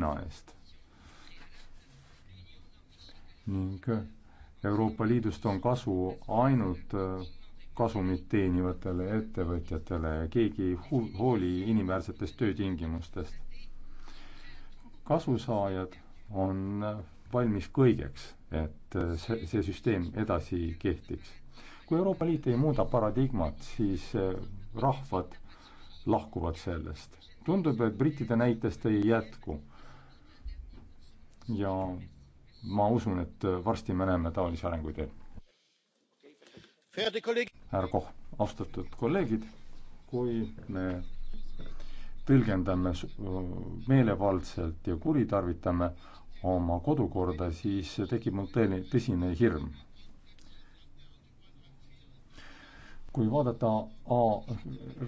no eest. ning Euroopa Liidust on kasu ainult äh, kasumit teenivatele ettevõtjatele ja keegi ei hooli inimväärsetest töötingimustest. kasusaajad on äh, valmis kõigeks, et äh, see, see süsteem edasi kehtiks. kui Euroopa Liit ei muuda paradigmat, siis rahvad lahkuvad sellest. tundub, et brittide näitest ei jätku ja ma usun, et varsti me näeme taolisi arenguid veel. härra Koh, austatud kolleegid, kui me tõlgendame meelevaldselt ja kuritarvitame oma kodukorda, siis tekib mul tõeline, tõsine hirm. kui vaadata A,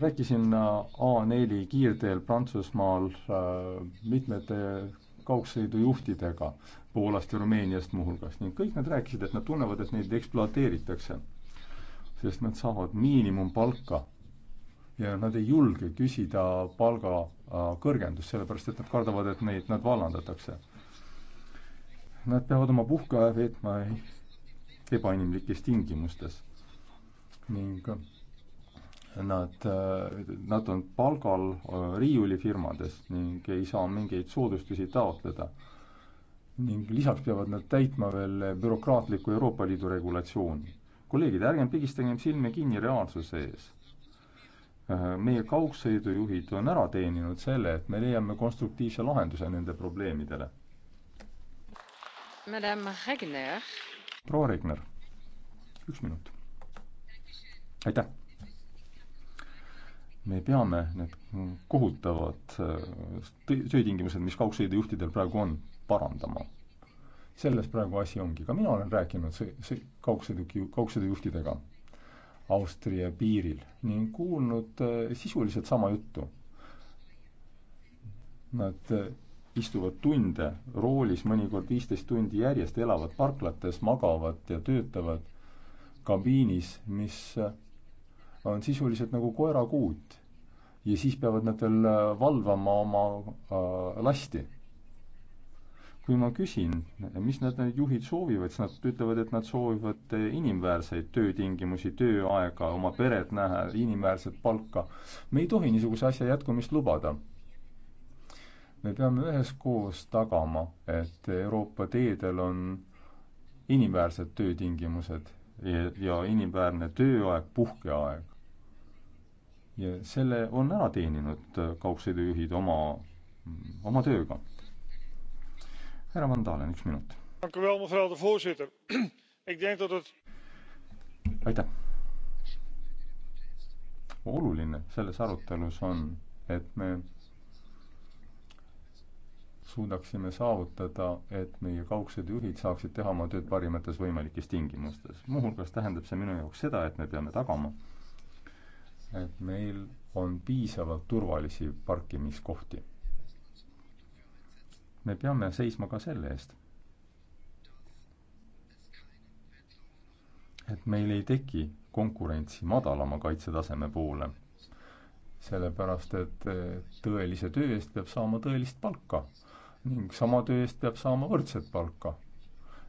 rääkisin A4 kiirteel Prantsusmaal äh, mitmete kaugsõidujuhtidega Poolast ja Rumeeniast muuhulgas ning kõik nad rääkisid, et nad tunnevad, et neid ekspluateeritakse. sest nad saavad miinimumpalka ja nad ei julge küsida palga äh, kõrgendust, sellepärast et nad kardavad, et neid, nad vallandatakse. Nad peavad oma puhkeaja veetma ebainimlikes tingimustes ning äh, Nad, nad on palgal äh, riiulifirmades ning ei saa mingeid soodustusi taotleda. ning lisaks peavad nad täitma veel bürokraatlikku Euroopa Liidu regulatsiooni. kolleegid, ärgem pigistagem silmi kinni reaalsuse ees äh, meie kaugsõidujuhid on ära teeninud selle, et me leiame konstruktiivse lahenduse nende probleemidele. proua Regner, üks minut. aitäh! me peame need kohutavad äh, töötingimused, mis kaugsõidujuhtidel praegu on, parandama. selles praegu asi ongi, ka mina olen rääkinud sõi-, sõi-, kaugsõiduki, kaugsõidujuhtidega Austria piiril ning kuulnud äh, sisuliselt sama juttu. Nad äh, istuvad tunde roolis, mõnikord viisteist tundi järjest, elavad parklates, magavad ja töötavad kabiinis, mis on sisuliselt nagu koerakuut. ja siis peavad nad veel äh, valvama oma äh, lasti. kui ma küsin, mis nad, need juhid soovivad, siis nad ütlevad, et nad soovivad äh, inimväärseid töötingimusi, tööaega, oma peret näha, inimväärset palka. me ei tohi niisuguse asja jätkumist lubada me peame üheskoos tagama, et Euroopa teedel on inimväärsed töötingimused ja, ja inimväärne tööaeg, puhkeaeg ja selle on ära teeninud äh, kaugsõidujuhid oma, mm, oma tööga. härra Van Dalen, üks minut. aitäh. oluline selles arutelus on, et me suudaksime saavutada, et meie kaugsed juhid saaksid teha oma tööd parimates võimalikes tingimustes. muuhulgas tähendab see minu jaoks seda, et me peame tagama, et meil on piisavalt turvalisi parkimiskohti. me peame seisma ka selle eest, et meil ei teki konkurentsi madalama kaitsetaseme poole. sellepärast, et eh, tõelise töö eest peab saama tõelist palka ning sama töö eest peab saama võrdset palka.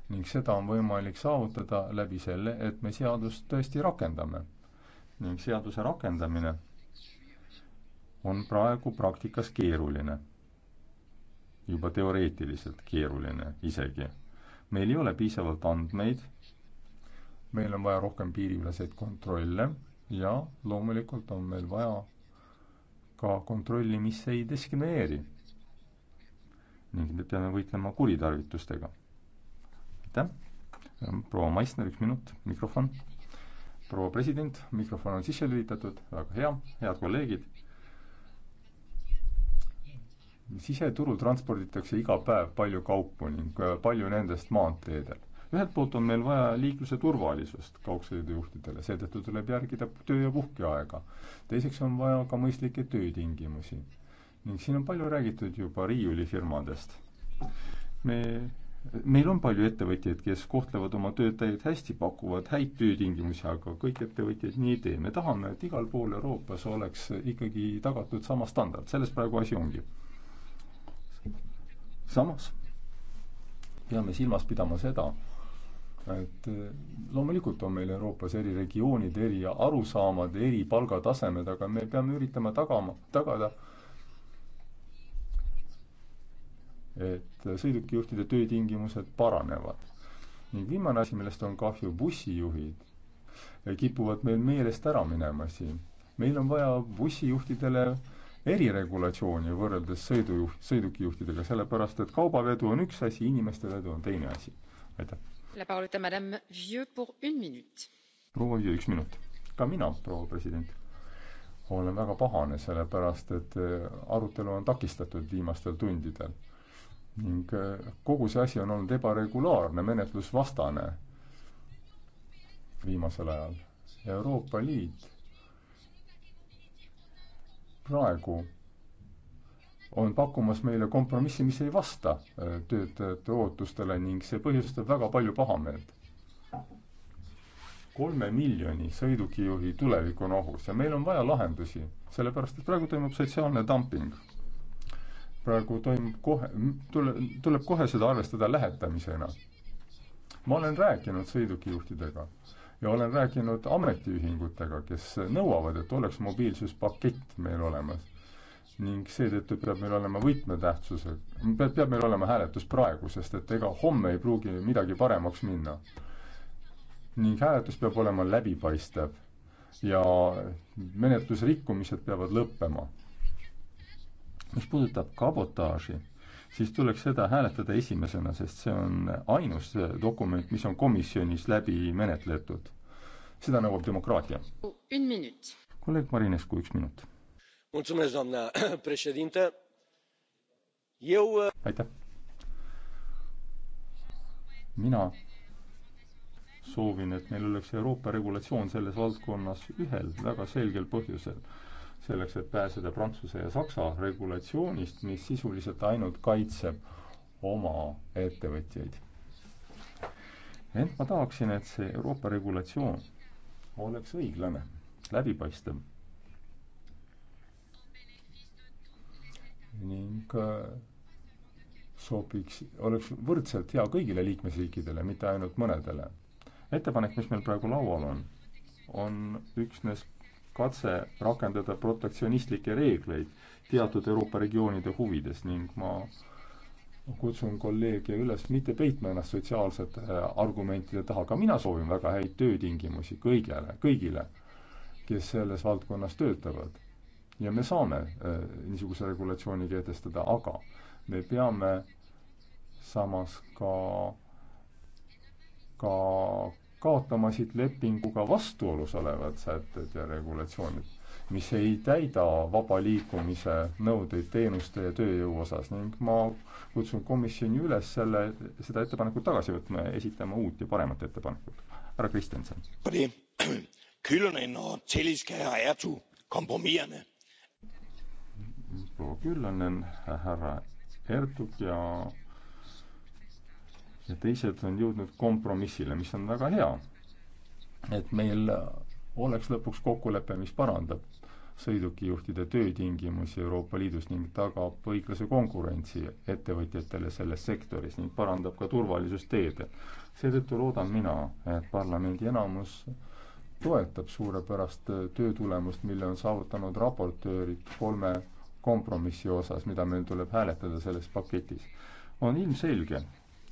ning seda on võimalik saavutada läbi selle, et me seadust tõesti rakendame ning seaduse rakendamine on praegu praktikas keeruline. juba teoreetiliselt keeruline isegi. meil ei ole piisavalt andmeid, meil on vaja rohkem piiriüleseid kontrolle ja loomulikult on meil vaja ka kontrolli, mis ei diskrimineeri. ning me peame võitlema kuritarvitustega. aitäh, proua Maisner, üks minut, mikrofon proua president, mikrofon on sisse lülitatud, väga hea, head kolleegid. siseturul transporditakse iga päev palju kaupu ning äh, palju nendest maanteedel. ühelt poolt on meil vaja liikluse turvalisust kaugsõidujuhtidele, seetõttu tuleb järgida töö- ja puhkeaega. teiseks on vaja ka mõistlikke töötingimusi. ning siin on palju räägitud juba riiulifirmadest. me meil on palju ettevõtjaid, kes kohtlevad oma töötajaid hästi, pakuvad häid töötingimusi, aga kõik ettevõtjad nii ei tee. me tahame, et igal pool Euroopas oleks ikkagi tagatud sama standard, selles praegu asi ongi. samas peame silmas pidama seda, et loomulikult on meil Euroopas eri regioonid, eri arusaamad, eri palgatasemed, aga me peame üritama tagama, tagada äh, et sõidukijuhtide töötingimused paranevad. ning viimane asi, millest on kahju, bussijuhid äh, kipuvad meil meelest ära minema siin. meil on vaja bussijuhtidele eriregulatsiooni võrreldes sõidujuht, sõidukijuhtidega, sellepärast et kaubavedu on üks asi, inimeste vedu on teine asi. aitäh. proua Viio, üks minut. ka mina, proua president, olen väga pahane, sellepärast et äh, arutelu on takistatud viimastel tundidel ning äh, kogu see asi on olnud ebaregulaarne, menetlusvastane viimasel ajal. Euroopa Liit praegu on pakkumas meile kompromissi, mis ei vasta äh, töötajate ootustele ning see põhjustab väga palju pahameelt. kolme miljoni sõidukijuhi tulevik on ohus ja meil on vaja lahendusi, sellepärast et praegu toimub sotsiaalne dumping praegu toimub kohe, tule, tuleb kohe seda arvestada lähetamisena. ma olen rääkinud sõidukijuhtidega ja olen rääkinud ametiühingutega, kes nõuavad, et oleks mobiilsuspakett meil olemas. ning seetõttu peab meil olema võtmetähtsuse, peab, peab meil olema hääletus praegu, sest et ega homme ei pruugi midagi paremaks minna. ning hääletus peab olema läbipaistev ja menetlusrikkumised peavad lõppema mis puudutab kabotaaži, siis tuleks seda hääletada esimesena, sest see on ainus dokument, mis on komisjonis läbi menetletud. seda nõuab demokraatia. kolleeg Marinescu, üks minut. Uh, aitäh. mina soovin, et meil oleks Euroopa regulatsioon selles valdkonnas ühel väga selgel põhjusel selleks, et pääseda Prantsuse ja Saksa regulatsioonist, mis sisuliselt ainult kaitseb oma ettevõtjaid. ent ma tahaksin, et see Euroopa regulatsioon oleks õiglane, läbipaistev ning äh, sobiks, oleks võrdselt hea kõigile liikmesriikidele, mitte ainult mõnedele. ettepanek, mis meil praegu laual on, on üksnes katse rakendada protektsionistlikke reegleid teatud Euroopa regioonide huvides ning ma kutsun kolleege üles mitte peitma ennast sotsiaalsete äh, argumentide taha, ka mina soovin väga häid töötingimusi kõigele, kõigile, kes selles valdkonnas töötavad. ja me saame äh, niisuguse regulatsiooni kehtestada, aga me peame samas ka, ka kaotamasid lepinguga vastuolus olevad sätted ja regulatsioonid, mis ei täida vaba liikumise nõudeid teenuste ja tööjõu osas ning ma kutsun komisjoni üles selle, seda ettepanekut tagasi võtma ja esitama uut ja paremat ettepanekut. härra Kristjanson. proua Küllönen, härra Ertug ja ja teised on jõudnud kompromissile, mis on väga hea. et meil oleks lõpuks kokkulepe, mis parandab sõidukijuhtide töötingimusi Euroopa Liidus ning tagab õiglase konkurentsi ettevõtjatele selles sektoris ning parandab ka turvalisust teedel. seetõttu loodan mina, et parlamendi enamus toetab suurepärast töö tulemust, mille on saavutanud raportöörid kolme kompromissi osas, mida meil tuleb hääletada selles paketis. on ilmselge,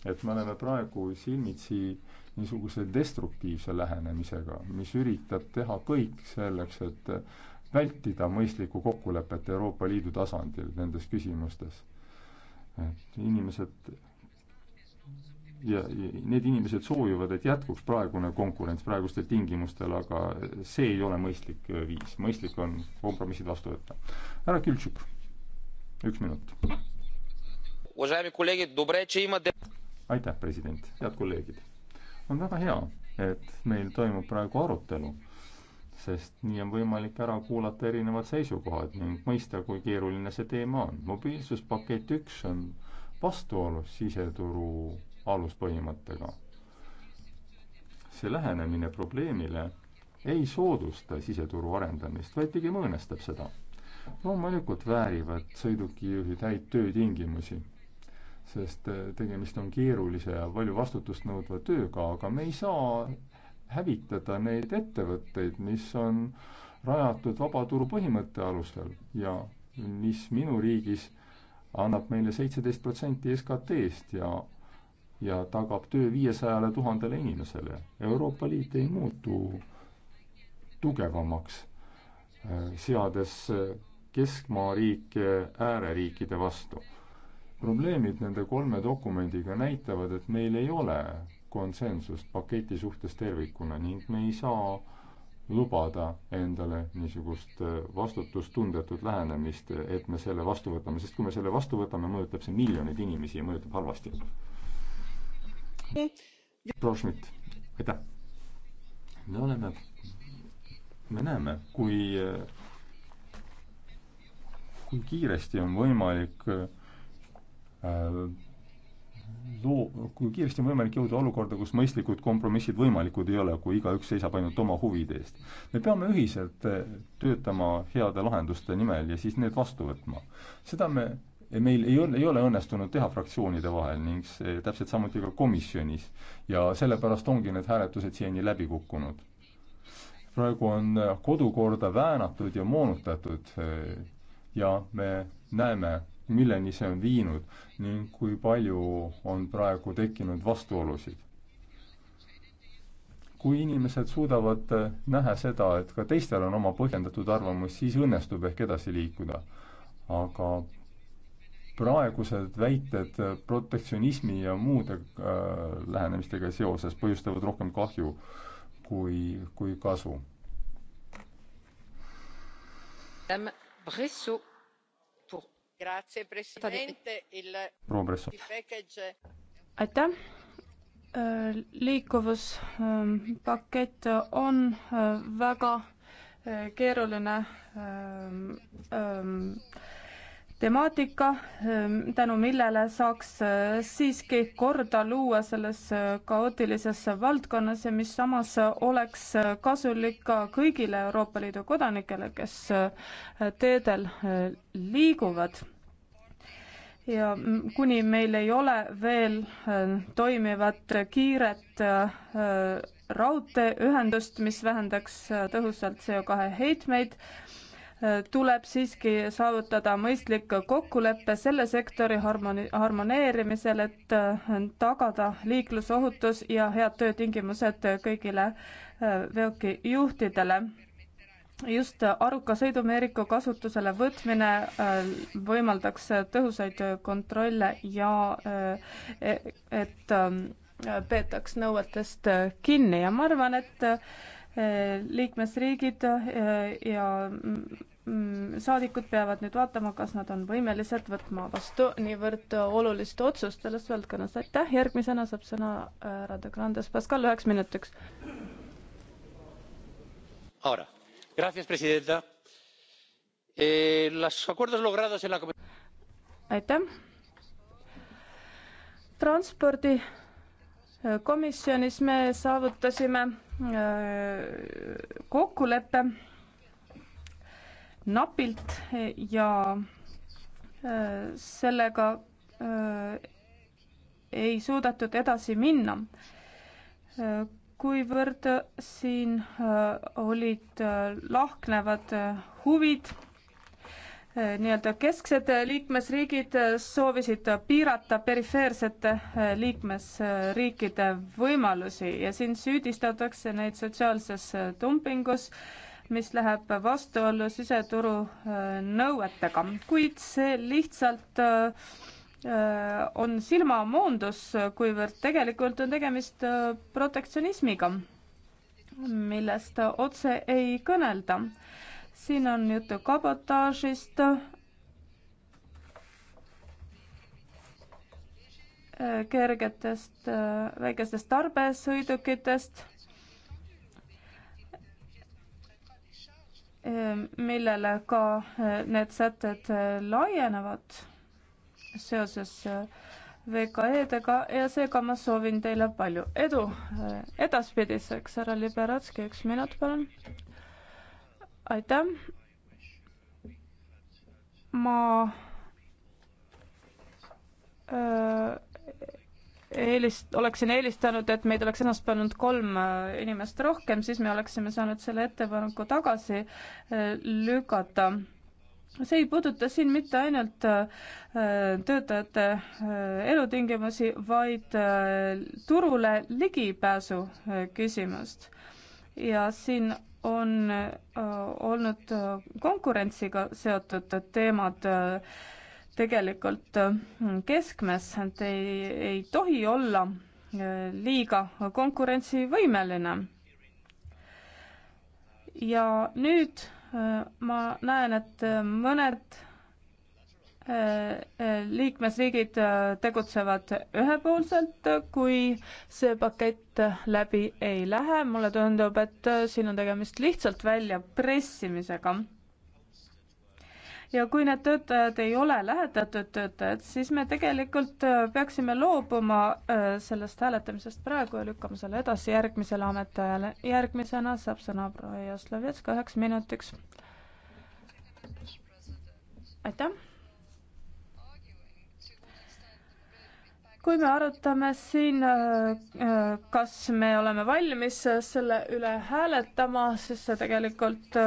et me oleme praegu silmitsi niisuguse destruktiivse lähenemisega, mis üritab teha kõik selleks, et vältida mõistlikku kokkulepet Euroopa Liidu tasandil nendes küsimustes. et inimesed ja, ja need inimesed soovivad, et jätkuks praegune konkurents praegustel tingimustel, aga see ei ole mõistlik viis. mõistlik on kompromissid vastu võtta. härra Kültšuk, üks minut aitäh, president, head kolleegid. on väga hea, et meil toimub praegu arutelu, sest nii on võimalik ära kuulata erinevad seisukohad ning mõista, kui keeruline see teema on. mobiilsuspakett üks on vastuolus siseturu aluspõhimõttega. see lähenemine probleemile ei soodusta siseturu arendamist, vaid pigem õõnestab seda. loomulikult väärivad sõidukijuhid häid töötingimusi sest eh, tegemist on keerulise ja palju vastutust nõudva tööga, aga me ei saa hävitada neid ettevõtteid, mis on rajatud vabaturu põhimõtte alusel ja mis minu riigis annab meile seitseteist protsenti SKT-st ja ja tagab töö viiesajale tuhandele inimesele. Euroopa Liit ei muutu tugevamaks, eh, seades eh, keskmaa riike ääreriikide vastu probleemid nende kolme dokumendiga näitavad, et meil ei ole konsensust paketi suhtes tervikuna ning me ei saa lubada endale niisugust äh, vastutustundetut lähenemist, et me selle vastu võtame, sest kui me selle vastu võtame, mõjutab see miljoneid inimesi ja mõjutab halvasti. proua Schmidt, aitäh! me oleme, me näeme, kui, äh, kui kiiresti on võimalik äh, Äh, loo-, kui kiiresti on võimalik jõuda olukorda, kus mõistlikud kompromissid võimalikud ei ole, kui igaüks seisab ainult oma huvide eest. me peame ühiselt äh, töötama heade lahenduste nimel ja siis need vastu võtma. seda me, meil ei ole, ei ole õnnestunud teha fraktsioonide vahel ning see täpselt samuti ka komisjonis. ja sellepärast ongi need hääletused siiani läbi kukkunud. praegu on äh, kodukorda väänatud ja moonutatud ja me näeme milleni see on viinud ning kui palju on praegu tekkinud vastuolusid. kui inimesed suudavad äh, näha seda, et ka teistel on oma põhjendatud arvamus, siis õnnestub ehk edasi liikuda. aga praegused väited äh, protektsionismi ja muude äh, lähenemistega seoses põhjustavad rohkem kahju kui, kui kasu. Madame Bressot proua Bresso. aitäh äh, liikuvuspakett äh, on äh, väga keeruline ähm, ähm, temaatika, ehm, tänu millele saaks eh, siiski korda luua selles eh, kaootilises valdkonnas ja mis samas oleks eh, kasulik ka kõigile Euroopa Liidu kodanikele, kes teedel liiguvad ja kuni meil ei ole veel toimivat kiiret raudteeühendust, mis vähendaks tõhusalt CO2 heitmeid, tuleb siiski saavutada mõistlik kokkulepe selle sektori harmoni-, harmoneerimisel, et äh, tagada liiklusohutus ja head töötingimused kõigile äh, veokijuhtidele. just aruka sõidumeeriku kasutusele võtmine äh, võimaldaks tõhusaid kontrolle ja e-, et peetaks nõuetest kinni ja ma arvan, et liikmesriigid ja Mm, saadikud peavad nüüd vaatama, kas nad on võimelised võtma vastu niivõrd olulist otsust selles valdkonnas. aitäh, järgmisena saab sõna härra äh, De Grandes Pascal üheks minutiks. Eh, aitäh. transpordi äh, komisjonis me saavutasime äh, kokkuleppe napilt eh, ja eh, sellega eh, ei suudetud edasi minna, kuivõrd siin olid lahknevad huvid nii-öelda kesksed liikmesriigid soovisid piirata perifeersete liikmesriikide võimalusi ja siin süüdistatakse neid sotsiaalses dumpingus mis läheb vastuollu siseturu äh, nõuetega, kuid see lihtsalt äh, äh, on silmamoondus, kuivõrd tegelikult on tegemist protektsionismiga, millest otse ei kõnelda. siin on juttu kabotaažist, kergetest väikestest tarbesõidukitest millele ka äh, need sätted äh, laienevad seoses äh, VKE-dega ja seega ma soovin teile palju edu edaspidiseks. härra Liberatski, üks minut, palun. aitäh. ma öö, eelist-, oleksin eelistanud, et meid oleks ennast pannud kolm äh, inimest rohkem, siis me oleksime saanud selle ettepaneku tagasi äh, lükata. see ei puuduta siin mitte ainult äh, töötajate elutingimusi, vaid turule ligipääsu küsimust. ja siin on olnud konkurentsiga seotud teemad tegelikult äh, keskmes, et ei, ei tohi olla äh, liiga konkurentsivõimeline. ja nüüd äh, ma näen, et mõned liikmesriigid tegutsevad ühepoolselt, kui see pakett läbi ei lähe. mulle tundub, et siin on tegemist lihtsalt väljapressimisega ja kui need töötajad ei ole lähetatud töötajad, siis me tegelikult äh, peaksime loobuma äh, sellest hääletamisest praegu ja lükkama selle edasi järgmisele ametiajale. järgmisena saab sõna proua Jaslovetska üheks minutiks. aitäh kui me arutame siin, äh, kas me oleme valmis selle üle hääletama, siis see tegelikult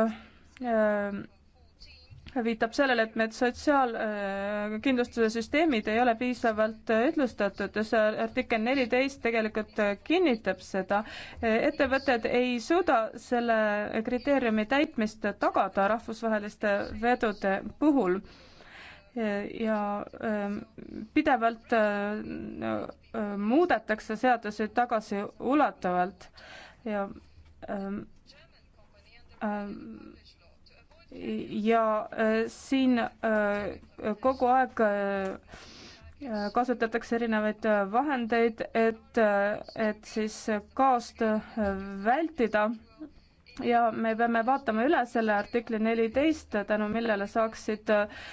viitab sellele, et need sotsiaalkindlustuse süsteemid ei ole piisavalt ühtlustatud ja see artikkel neliteist tegelikult kinnitab seda. ettevõtted ei suuda selle kriteeriumi täitmist tagada rahvusvaheliste vedude puhul ja ähm, pidevalt äh, muudetakse seadusi tagasiulatuvalt ja ähm, ähm, ja äh, siin äh, kogu aeg äh, kasutatakse erinevaid vahendeid, et, et siis kaost vältida ja me peame vaatama üle selle artikli neliteist, tänu millele saaksid äh,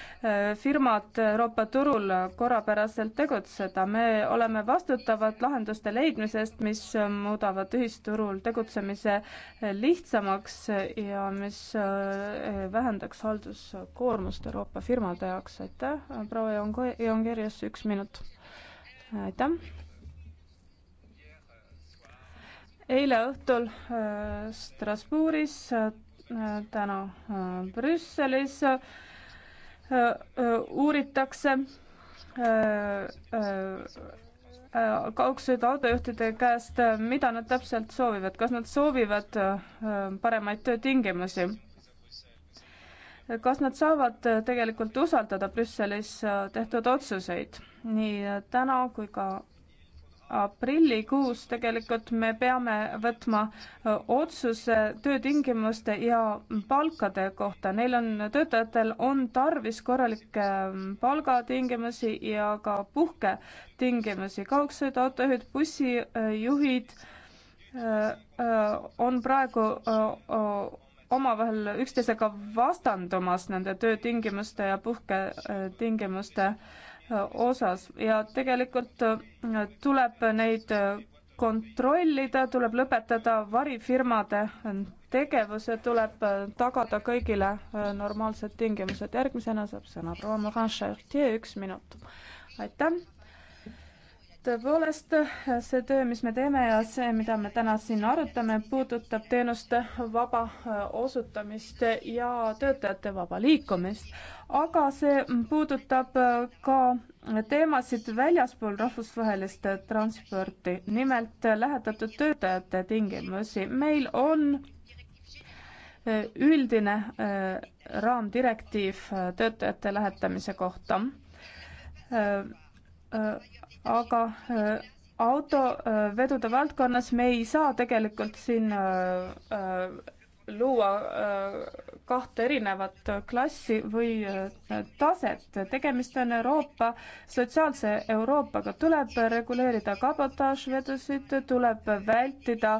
firmad Euroopa turul korrapäraselt tegutseda. me oleme vastutavad lahenduste leidmise eest, mis muudavad ühisturul tegutsemise lihtsamaks ja mis äh, vähendaks halduskoormust Euroopa firmade jaoks. aitäh, proua Jong-, Jongerius, üks minut. aitäh eile õhtul äh, Strasbourgis, äh, täna äh, Brüsselis uuritakse kaugsõidu autojuhtide käest, mida nad täpselt soovivad, kas nad soovivad paremaid töötingimusi? kas nad saavad tegelikult usaldada Brüsselis tehtud otsuseid nii täna kui ka aprillikuus tegelikult me peame võtma otsuse töötingimuste ja palkade kohta. Neil on, töötajatel on tarvis korralikke palgatingimusi ja ka puhketingimusi. kaugsõidu autojuhid, bussijuhid on praegu omavahel üksteisega vastandumas nende töötingimuste ja puhketingimuste osas ja tegelikult äh, tuleb neid äh, kontrollida, tuleb lõpetada varifirmade tegevuse, tuleb äh, tagada kõigile normaalsed tingimused. järgmisena saab sõna proua Morin Chartier, üks minut. aitäh tõepoolest, see töö, mis me teeme ja see, mida me täna siin arutame, puudutab teenuste vaba äh, osutamist ja töötajate vaba liikumist, aga see puudutab äh, ka teemasid väljaspool rahvusvahelist transporti, nimelt lähetatud töötajate tingimusi. meil on äh, üldine raamdirektiiv töötajate lähetamise kohta aga äh, autovedude äh, valdkonnas me ei saa tegelikult siin äh, luua kahte erinevat klassi või taset. tegemist on Euroopa, sotsiaalse Euroopaga. tuleb reguleerida kabotaažvedusid, tuleb vältida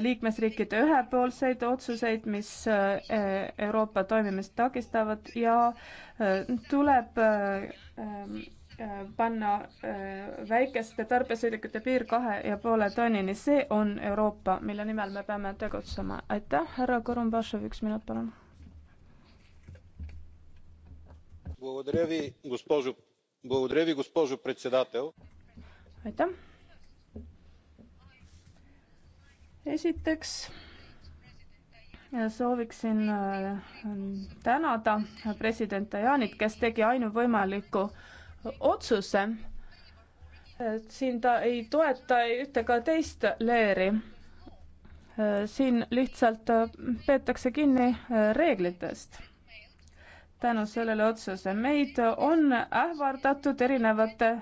liikmesriikide ühepoolseid otsuseid, mis Euroopa toimimist takistavad ja tuleb ähm, Äh, panna äh, väikeste tarbesõidukite piir kahe ja poole tonnini, see on Euroopa, mille nimel me peame tegutsema. aitäh, härra Korumbašev, üks minut, palun. aitäh. esiteks Ja äh, sooviksin tänada president Tajanit, kes tegi ainuvõimaliku otsuse. siin ta ei toeta ei ühte ega teist leeri. siin lihtsalt peetakse kinni reeglitest tänu sellele otsuse. meid on ähvardatud erinevate äh,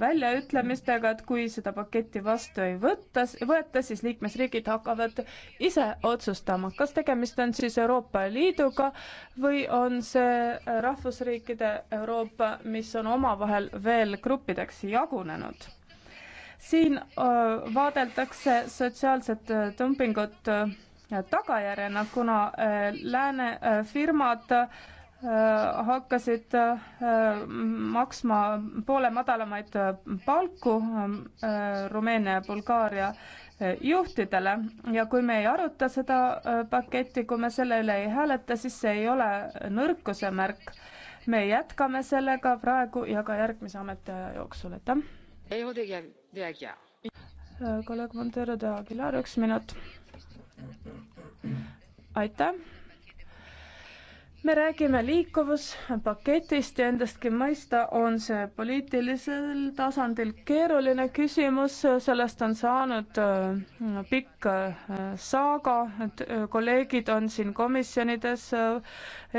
väljaütlemistega, et kui seda paketti vastu ei võta, võeta, siis liikmesriigid hakkavad ise otsustama, kas tegemist on siis Euroopa Liiduga või on see äh, rahvusriikide Euroopa, mis on omavahel veel gruppideks jagunenud siin äh, vaadeldakse sotsiaalset dumpingut tagajärjena, kuna lääne firmad Äh, hakkasid äh, maksma poole madalamaid äh, palku Rumeenia ja Bulgaaria juhtidele ja kui me ei aruta seda paketti, kui me selle üle ei hääleta, siis see ei ole nõrkuse märk. me jätkame sellega praegu ja ka järgmise ametiaja jooksul, aitäh. kolleeg Montero de Aguilar, üks minut. aitäh me räägime liikuvuspaketist ja endastki mõista on see poliitilisel tasandil keeruline küsimus, sellest on saanud äh, pikk äh, saaga, et äh, kolleegid on siin komisjonides,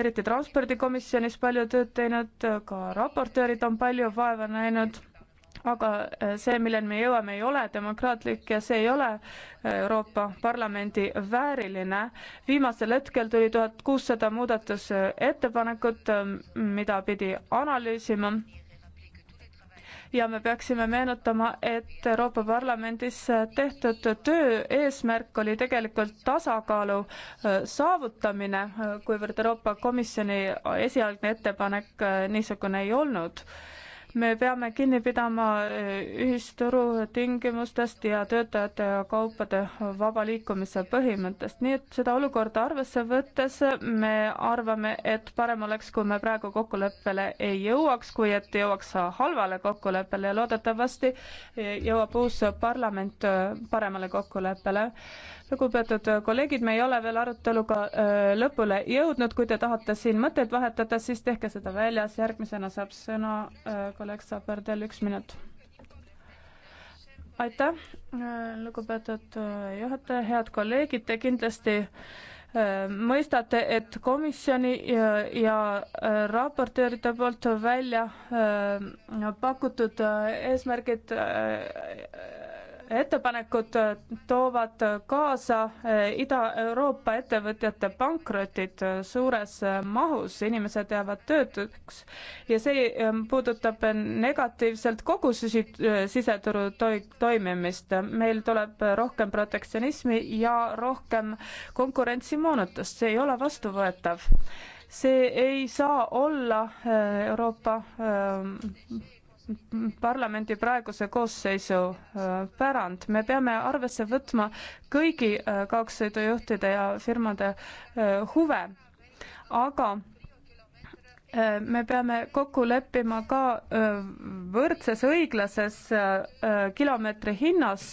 eriti transpordikomisjonis palju tööd teinud, ka raportöörid on palju vaeva näinud aga äh, see, milleni me jõuame, ei ole demokraatlik ja see ei ole äh, Euroopa Parlamendi vääriline. viimasel hetkel tuli tuhat kuussada muudatusettepanekut, ähm, mida pidi analüüsima ja me peaksime meenutama, et Euroopa Parlamendis äh, tehtud töö eesmärk oli tegelikult tasakaalu saavutamine, kuivõrd Euroopa Komisjoni esialgne ettepanek niisugune ei olnud me peame kinni pidama eh, ühisturu tingimustest ja töötajate ja kaupade vaba liikumise põhimõttest. nii et seda olukorda arvesse võttes me arvame, et parem oleks, kui me praegu kokkuleppele ei jõuaks, kui et jõuaks halvale kokkuleppele ja loodetavasti eh, jõuab uus parlament eh, paremale kokkuleppele lugupeetud kolleegid, me ei ole veel aruteluga äh, lõpule jõudnud, kui te tahate siin mõtteid vahetada, siis tehke seda väljas, järgmisena saab sõna äh, kolleeg Saberdel, üks minut. aitäh, äh, lugupeetud juhataja, head kolleegid, te kindlasti mõistate, et komisjoni ja, ja raportööride poolt välja pakutud eesmärgid ettepanekud äh, toovad kaasa äh, Ida-Euroopa ettevõtjate pankrotid äh, suures mahus, inimesed jäävad töötuks ja see puudutab negatiivselt kogu süsi-, siseturu toi-, toimimist. meil tuleb rohkem protektsionismi ja rohkem konkurentsimoonutust, see ei ole vastuvõetav. see ei saa olla Euroopa ähm, parlamendi praeguse koosseisu äh, pärand. me peame arvesse võtma kõigi äh, kaugsõidujuhtide ja firmade äh, huve, aga me peame kokku leppima ka võrdses õiglases kilomeetri hinnas,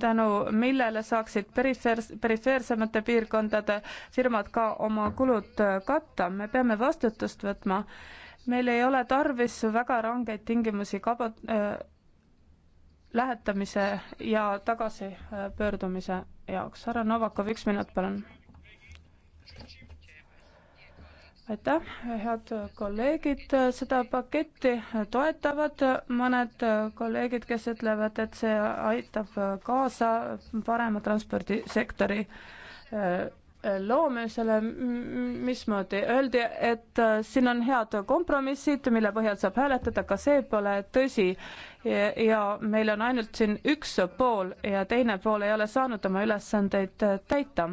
tänu millele saaksid perifeers-, perifeersemate piirkondade firmad ka oma kulud katta. me peame vastutust võtma äh, meil ei ole tarvis väga rangeid tingimusi kaba- äh,, lähetamise ja tagasipöördumise äh, jaoks. härra Novakov, üks minut, palun. aitäh, head kolleegid, seda paketti toetavad mõned kolleegid, kes ütlevad, et see aitab kaasa parema transpordisektori äh, loomisele, mismoodi, öeldi, et äh, siin on head kompromissid, mille põhjal saab hääletada, aga see pole tõsi. ja meil on ainult siin üks pool ja teine pool ei ole saanud oma ülesandeid äh, täita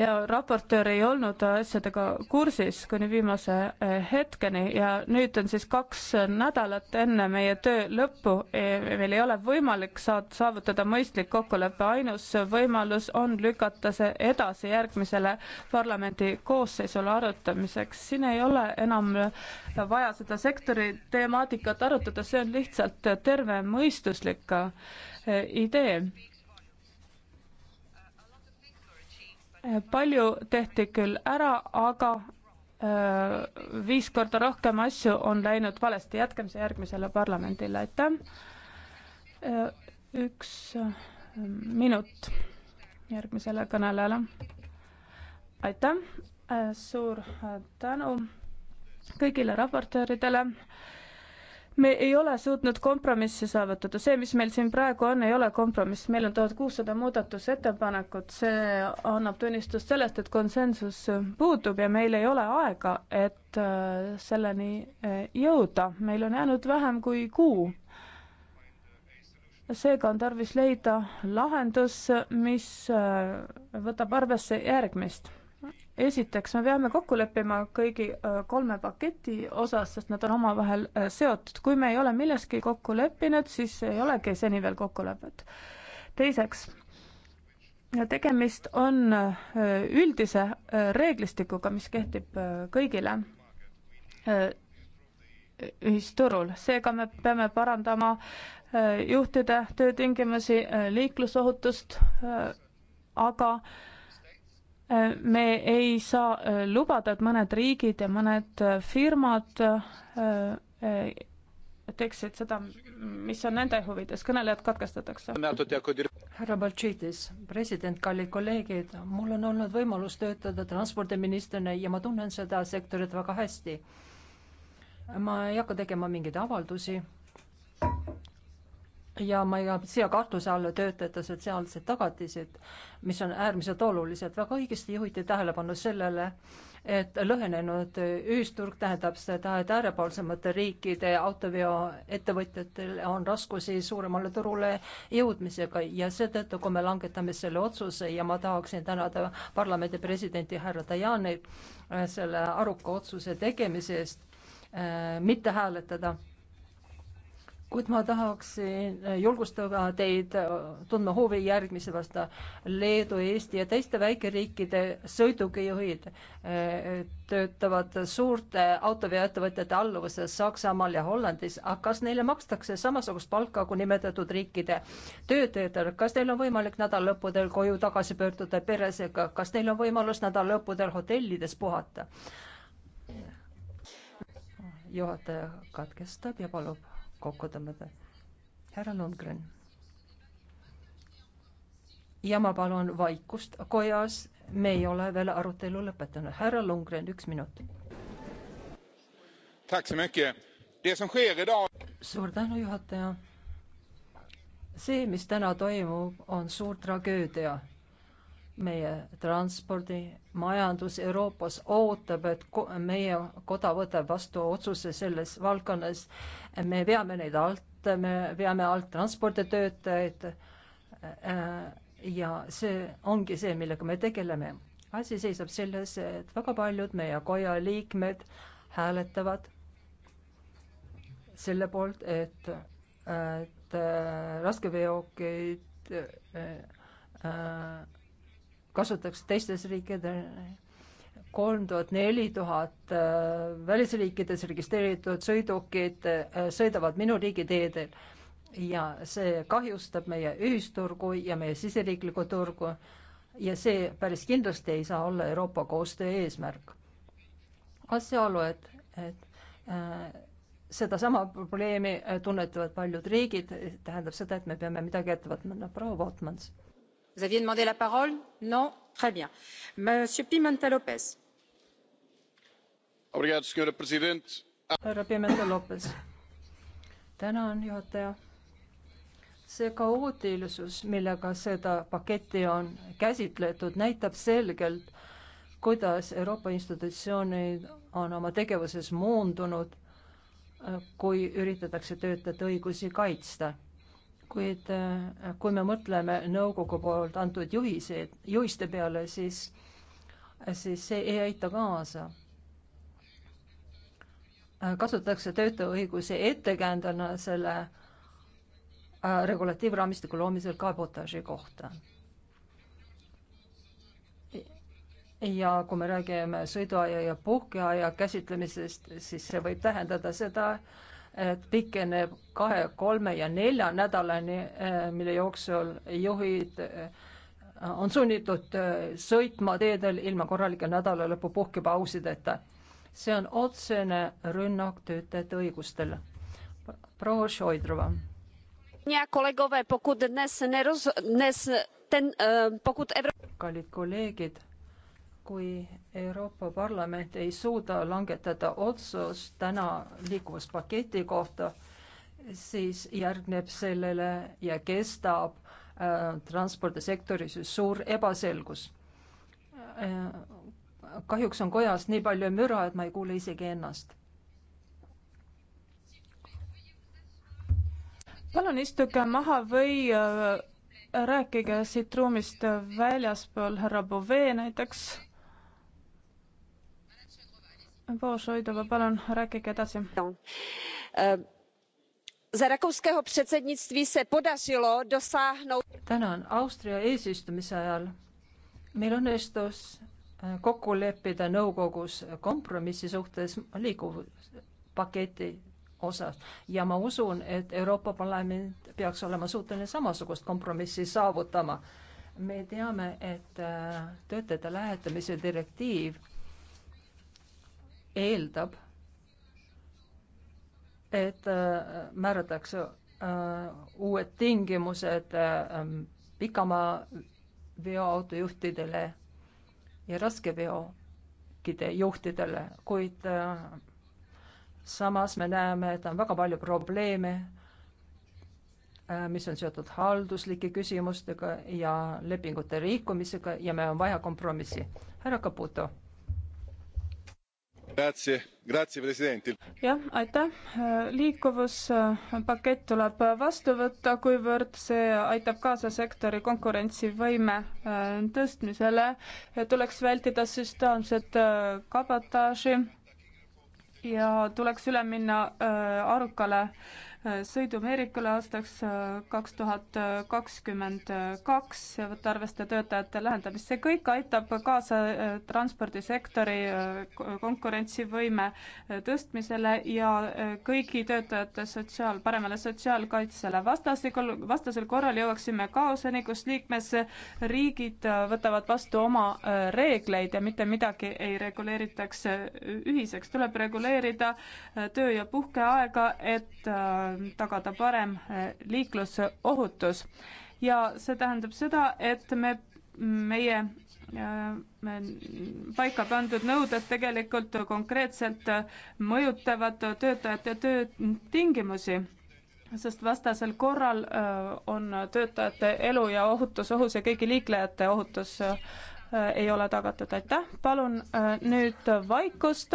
ja raportöör ei olnud asjadega kursis kuni viimase eh, hetkeni ja nüüd on siis kaks nädalat enne meie töö lõppu. E, meil ei ole võimalik saad-, saavutada mõistlik kokkulepe, ainus võimalus on lükata see edasi järgmisele parlamendi koosseisule arutamiseks. siin ei ole enam vaja seda sektori temaatikat arutada, see on lihtsalt tervemõistuslik eh, idee palju tehti küll ära, aga äh, viis korda rohkem asju on läinud valesti, jätkem see järgmisele parlamendile, aitäh. Äh, üks äh, minut järgmisele kõnelejale. aitäh, suur tänu kõigile raportööridele me ei ole suutnud kompromissi saavutada, see, mis meil siin praegu on, ei ole kompromiss, meil on tuhat kuussada muudatusettepanekut, see annab tunnistust sellest, et konsensus puudub ja meil ei ole aega, et äh, selleni äh, jõuda, meil on jäänud vähem kui kuu. seega on tarvis leida lahendus, mis äh, võtab arvesse järgmist esiteks, me peame kokku leppima kõigi kolme paketi osas, sest nad on omavahel seotud. kui me ei ole milleski kokku leppinud, siis ei olegi seni veel kokkulepet. teiseks, tegemist on üldise reeglistikuga, mis kehtib kõigile ühisturul, seega me peame parandama juhtide töötingimusi, liiklusohutust, aga äh, me ei saa äh, lubada, et mõned riigid ja mõned äh, firmad äh, teeksid seda, mis on nende huvides, kõnelejad katkestatakse. härra Baltšiitis, president, kallid kolleegid, mul on olnud võimalus töötada transpordiministrina ja ma tunnen seda sektorit väga hästi. ma ei hakka tegema mingeid avaldusi ja ma ei sea kahtluse alla töötajate sotsiaalsed tagatised, mis on äärmiselt olulised. väga õigesti juhiti tähelepanu sellele, et lõhenenud ühisturg tähendab seda, et äärepoolsemate riikide autoveoettevõtjatel on raskusi suuremale turule jõudmisega ja seetõttu, kui me langetame selle otsuse ja ma tahaksin tänada parlamendi presidenti härra Tajanit äh, selle aruka otsuse tegemise eest äh, mitte hääletada kuid ma tahaksin äh, julgustada teid äh, tundma huvi järgmise vastu Leedu, Eesti ja teiste väikeriikide sõidukijuhid äh, töötavad suurte autoveoettevõtjate alluvuses Saksamaal ja Hollandis, aga kas neile makstakse samasugust palka kui nimetatud riikide töötajatele, kas neil on võimalik nädalalõppudel koju tagasi pöörduda peresega, kas neil on võimalus nädalalõppudel hotellides puhata? juhataja katkestab ja palub kokku tõmmata. härra Lundgren. ja ma palun vaikust kojas, me ei ole veel arutelu lõpetanud. härra Lundgren, üks minut. suur tänu, juhataja. see, mis täna toimub, on suur tragöödia meie transpordi, majandus Euroopas ootab, et ko meie koda võtab vastu otsuse selles valdkonnas. me veame neid alt, me veame alt transporditöötajaid äh,. ja see ongi see, millega me tegeleme. asi seisab selles, et väga paljud meie koja liikmed hääletavad selle poolt, et, et äh, raskeveokeid äh, äh, kasutatakse teistes riikides kolm tuhat, neli tuhat äh, välisriikides registreeritud sõidukid äh, sõidavad minu riigi teedel ja see kahjustab meie ühisturgu ja meie siseriiklikku turgu ja see päris kindlasti ei saa olla Euroopa koostöö eesmärk. asjaolu, et, et äh, sedasama probleemi tunnetavad paljud riigid, tähendab seda, et me peame midagi ette võtma, noh, proua Votmans vous aviez demandé la parole non? très bien. señora presidenta see kaootilisus millega seda paketti on käsitletud näitab selgelt kuidas euroopa institutsioonid on oma tegevuses moondunud kui üritatakse töötajate õigusi kaitsta kuid äh, kui me mõtleme nõukogu poolt antud juhiseid, juhiste peale, siis, äh, siis see ei aita kaasa. Äh, kasutatakse töötaja õigusi ettekäändena selle regulatiivraamistiku loomisel kabotaaži kohta. ja kui me räägime sõiduaja ja puhkeaja käsitlemisest, siis see võib tähendada seda, pikeneb kahe, kolme ja nelja nädalani, eh, mille jooksul juhid eh, on sunnitud eh, sõitma teedel ilma korralike nädalalõpu puhkepausideta. see on otsene rünnak töötajate õigustele. proua Šoidrova. kallid kolleegid kui Euroopa Parlament ei suuda langetada otsust täna liikuvuspaketi kohta, siis järgneb sellele ja kestab äh, transpordisektoris suur ebaselgus äh,. kahjuks on kojas nii palju müra, et ma ei kuule isegi ennast. palun istuge maha või äh, rääkige siit ruumist väljaspool, härra Bovee näiteks proua šojdrova palun rääkige edasi. Eh, za rakouského předsednictví se podařilo dosáhnout. tänan austria eesistumise ajal meil õnnestus eh, kokku leppida nõukogus kompromissi suhtes liikuvuspaketi osas ja ma usun, et Euroopa Parlament peaks olema suuteline samasugust kompromissi saavutama. me teame, et eh, töötajate lähetamise direktiiv eeldab, et äh, määratakse äh, uued tingimused äh, pikamaa veoautojuhtidele ja raskeveokide juhtidele, kuid samas me näeme, et on väga palju probleeme, mis on seotud halduslike küsimustega ja lepingute rikkumisega ja meil on vaja kompromissi. härra Caputo jah, aitäh. liikuvuspakett tuleb vastu võtta, kuivõrd see aitab kaasa sektori konkurentsivõime äh, tõstmisele. tuleks vältida süsteemset äh, kabotaaži ja tuleks üle minna äh, arukale Äh, sõidu Ameerikale aastaks äh, kaks tuhat kakskümmend kaks, võtta arvesse töötajate lähendamist, see kõik aitab kaasa äh, transpordisektori konkurentsivõime tõstmisele ja kõigi töötajate sotsiaal, paremale sotsiaalkaitsele. vastastikul, vastasel korral jõuaksime kaoseni, kus liikmesriigid võtavad vastu oma reegleid ja mitte midagi ei reguleeritaks ühiseks, tuleb reguleerida töö- ja puhkeaega, et tagada parem eh, liiklusohutus. ja see tähendab seda, et me, meie me paika pandud nõuded tegelikult konkreetselt mõjutavad töötajate töötingimusi sest vastasel korral eh, on töötajate elu ja ohutus ohus ja kõigi liiklejate ohutus eh, ei ole tagatud. aitäh, palun nüüd vaikust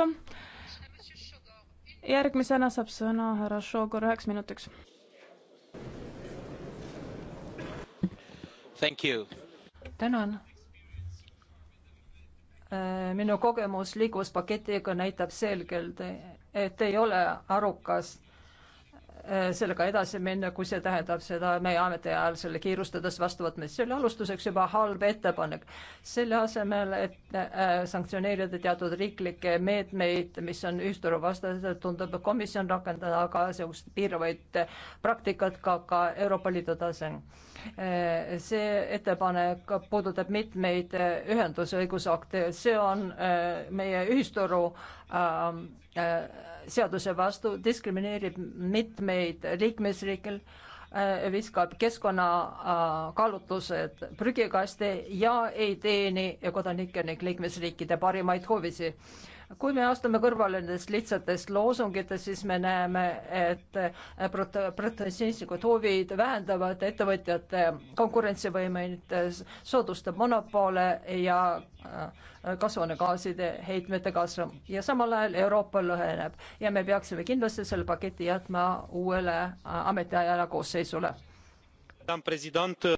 järgmisena saab sõna härra Šogor üheks minutiks. tänan. Äh, minu kogemus liikuvuspaketiga näitab selgelt, et ei ole arukas Äh, sellega edasi minna, kui see tähendab seda meie ametiajal selle kiirustades vastuvõtmist. see oli alustuseks juba halb ettepanek. selle asemel, et äh, sanktsioneerida teatud riiklikke meetmeid, mis on ühisturu vastased, tundub, et komisjon rakendada ka sihukest piiravaid praktikat ka, ka Euroopa Liidu tasemel. Äh, see ettepanek puudutab mitmeid ühendusõigusakte, see on meie ühisturu Ähm, äh, seaduse vastu, diskrimineerib mitmeid liikmesriike, äh, viskab keskkonnakaalutlused äh, prügikasti ja ei teeni kodanikke ning liikmesriikide parimaid huvisid kui me astume kõrvale nendest lihtsatest loosungitest, siis me näeme, et prot-, protestantslikud huvid vähendavad ettevõtjate konkurentsivõimeid, soodustab monopole ja äh, kasvuhoonegaaside heitmete kasv ja samal ajal Euroopa lõheneb ja me peaksime kindlasti selle paketi jätma uuele äh, ametiajale koosseisule.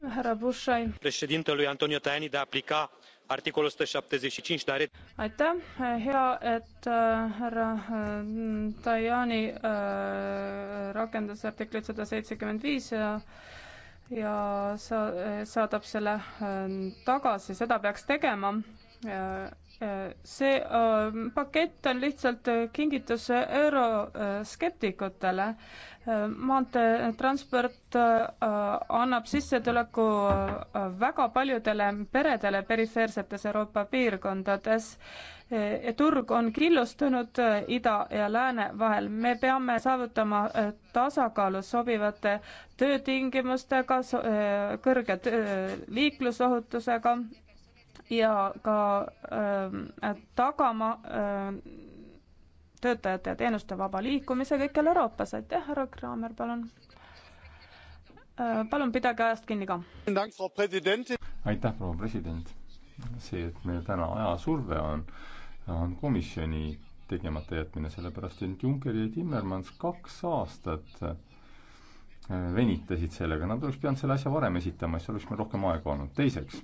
härra Bushai. președintelui Antonio Tajani de a aplica articolul 175 dar e- aitäh, hea, et äh, härra äh, Tajani äh, rakendas artiklit sada seitsekümmend viis ja ja sa saadab selle tagasi, seda peaks tegema see ähm, pakett on lihtsalt äh, kingitus äh, euroskeptikutele. Äh, maanteetransport annab sissetuleku väga paljudele peredele perifeersetes Euroopa piirkondades. turg on killustunud ida ja lääne vahel. me peame saavutama tasakaalu sobivate töötingimustega, kõrge liiklusohutusega ja ka äh, tagama äh, töötajate ja teenuste vaba liikumise kõikjal Euroopas. aitäh, härra Kraamer, palun äh,. palun pidage ajast kinni ka. aitäh, proua president. see, et meil täna ajasurve on, on komisjoni tegemata jätmine, sellepärast et Juncker ja Timmermans kaks aastat äh, venitasid sellega, nad oleks pidanud selle asja varem esitama, siis oleks meil rohkem aega olnud. teiseks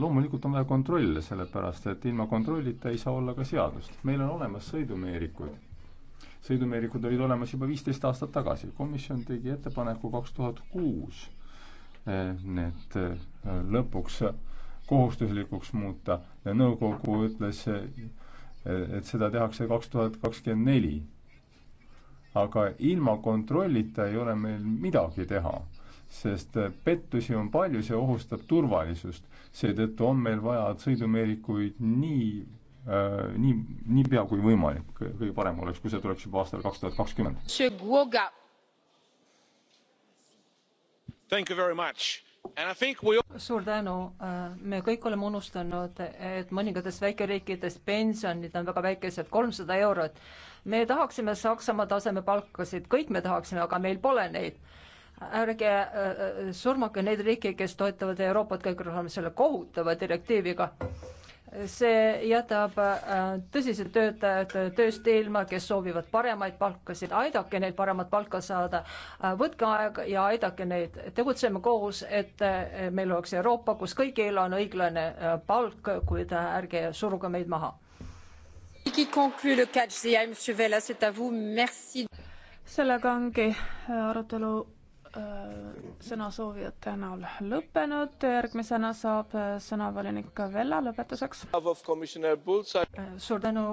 loomulikult on vaja kontrolle, sellepärast et ilma kontrollita ei saa olla ka seadust. meil on olemas sõidumeerikud. sõidumeerikud olid olemas juba viisteist aastat tagasi. komisjon tegi ettepaneku kaks tuhat kuus eh, need eh, lõpuks kohustuslikuks muuta ja nõukogu ütles, eh, et seda tehakse kaks tuhat kakskümmend neli. aga ilma kontrollita ei ole meil midagi teha sest äh, pettusi on palju, see ohustab turvalisust. seetõttu on meil vaja sõidumeerikuid nii äh, nii, niipea kui võimalik, kõige parem oleks, kui see tuleks juba aastal kaks tuhat kakskümmend. Thank you very much suur tänu, äh, me kõik oleme unustanud, et mõningates väikeriikides pensionid on väga väikesed, kolmsada eurot. me tahaksime Saksamaa taseme palkasid, kõik me tahaksime, aga meil pole neid ärge äh, äh, surmake neid riike, kes toetavad Euroopat kõik selle kohutava direktiiviga. see jätab äh, tõsiselt töötajad tööst ilma, kes soovivad paremaid palkasid, aidake neil paremat palka saada, võtke aega ja aidake neid, tegutseme koos, et meil oleks Euroopa, kus kõigil on õiglane palk, kuid ärge suruge meid maha. qui conclut le catch the eye, monsieur Vella, c'est à vous, merci sellega ongi arutelu Äh, sõnasoovijate näol lõppenud, järgmisena saab äh, sõna volinik Vella lõpetuseks. Äh, suur tänu,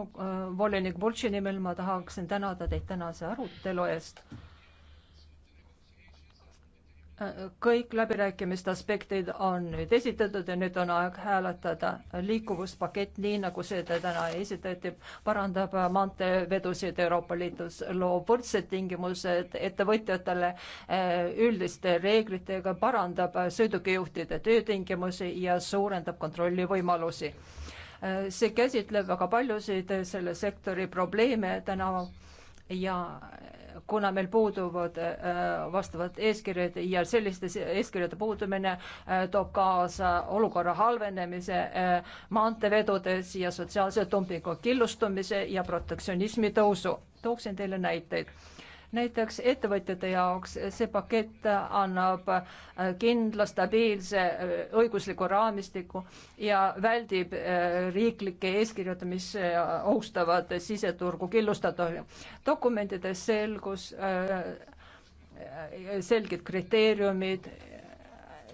volinik Bultši nimel ma tahaksin tänada teid tänase arutelu eest kõik läbirääkimiste aspektid on nüüd esitatud ja nüüd on aeg hääletada. liikuvuspakett, nii nagu seda täna esitati, parandab maanteevedusid Euroopa Liidus, loob võrdsed tingimused ettevõtjatele eh, üldiste reeglitega, parandab sõidukijuhtide töötingimusi ja suurendab kontrollivõimalusi. Eh, see käsitleb väga paljusid selle sektori probleeme täna ja kuna meil puuduvad äh, vastavad eeskirjad ja selliste eeskirjade puudumine äh, toob kaasa olukorra halvenemise äh, maanteevedudes ja sotsiaalse dumpingu killustumise ja protektsionismi tõusu. tooksin teile näiteid näiteks ettevõtjate jaoks see pakett annab äh, kindla stabiilse äh, õigusliku raamistiku ja väldib äh, riiklikke eeskirjade, mis ohustavad siseturgu killustatud. dokumentides selgus selged kriteeriumid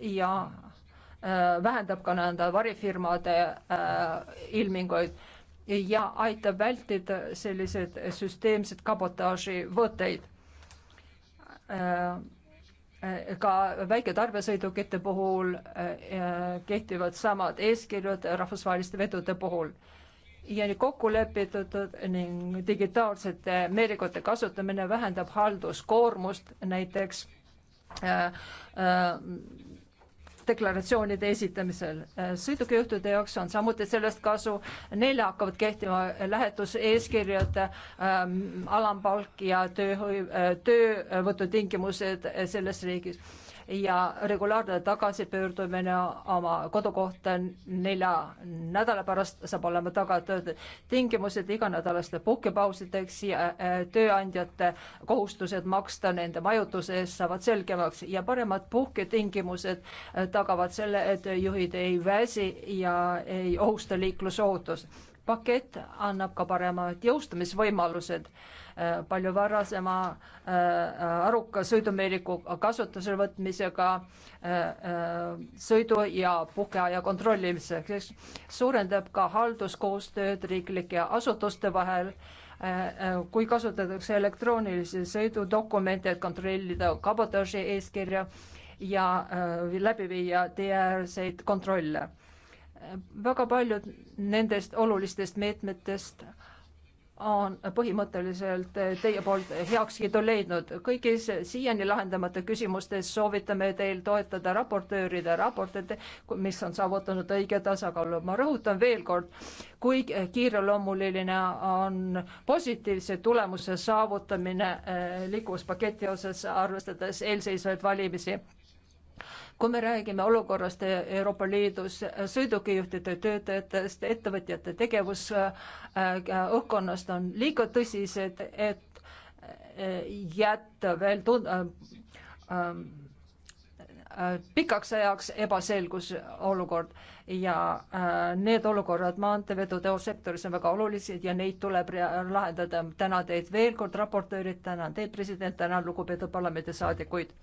ja vähendab ka nende varifirmade ilminguid ja aitab vältida sellised süsteemsed kabotaaži võtteid. Äh, äh, ka väiketarbesõidukite puhul äh, kehtivad samad eeskirjad rahvusvaheliste vedude puhul ja kokku lepitud ning digitaalsete meerikute kasutamine vähendab halduskoormust näiteks äh, äh, deklaratsioonide esitamisel. sõidukijuhtide jaoks on samuti sellest kasu, neile hakkavad kehtima lähetuseeskirjad ähm,, alampalk ja töö, äh, töövõtutingimused selles riigis ja regulaarne tagasipöördumine oma kodukohta nelja nädala pärast saab olema tagatud. tingimused iganädalaste puhkepausideks ja äh, tööandjate kohustused maksta nende majutuse eest saavad selgemaks ja paremad puhketingimused äh, tagavad selle, et juhid ei väsi ja ei ohusta liiklusohutust pakett annab ka paremad jõustumisvõimalused palju varasema äh, äh, aruka sõidumeeliku kasutusele võtmisega äh, sõidu ja puhkeaja kontrollimiseks, suurendab ka halduskoostööd riiklike asutuste vahel kui kasutatakse elektroonilisi sõidudokumente, et kontrollida kabotaaži eeskirja ja läbi viia teeäärseid kontrolle. väga paljud nendest olulistest meetmetest on põhimõtteliselt teie poolt heakskiidu leidnud. kõigis siiani lahendamata küsimustes soovitame teil toetada raportööride raporteid, mis on saavutanud õige tasakaalu. ma rõhutan veel kord, kui kiireloomuline on positiivse tulemuse saavutamine eh, liikuvuspaketi osas, arvestades eelseisvaid valimisi kui me räägime olukorrast Euroopa Liidus, sõidukijuhtide, töötajatest, ettevõtjate tegevus äh, õhkkonnast on liiga tõsised, et äh, jätta veel tund-, äh, pikaks ajaks ebaselgus olukord ja need olukorrad maanteevedude sektoris on väga olulised ja neid tuleb lahendada. tänan teid veel kord, raportöörid, tänan teid, president, tänan lugupeetud parlamendisaadikuid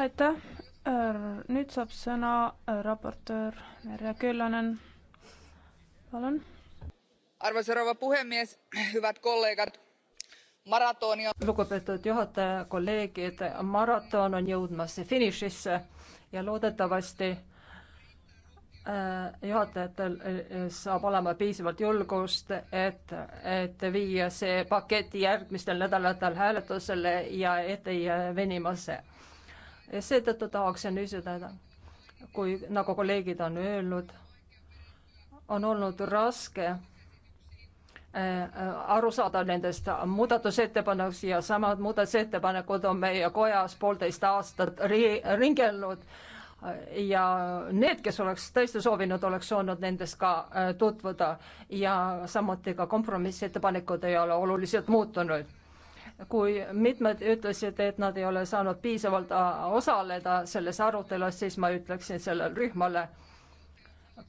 aitäh, äh, nüüd saab sõna äh, raportöör Merje Kyllönen, palun. arvoisa rouva puhemies, hüvad kolleegad maratoni on... lugupeetud juhataja, kolleegid, maraton on jõudmas finišisse ja loodetavasti äh, juhatajatel saab olema piisavalt julgust, et, et viia see pakett järgmistel nädalatel hääletusele ja et ei venimasse seetõttu tahaksin ütelda, kui nagu kolleegid on öelnud, on olnud raske äh, aru saada nendest muudatusettepanekust ja samad muudatusettepanekud on meie kojas poolteist aastat ri ringelnud ja need, kes oleks tõesti soovinud, oleks olnud nendest ka äh, tutvuda ja samuti ka kompromissettepanekud ei ole oluliselt muutunud kui mitmed ütlesid, et nad ei ole saanud piisavalt äh, osaleda selles arutelus, siis ma ütleksin sellele rühmale,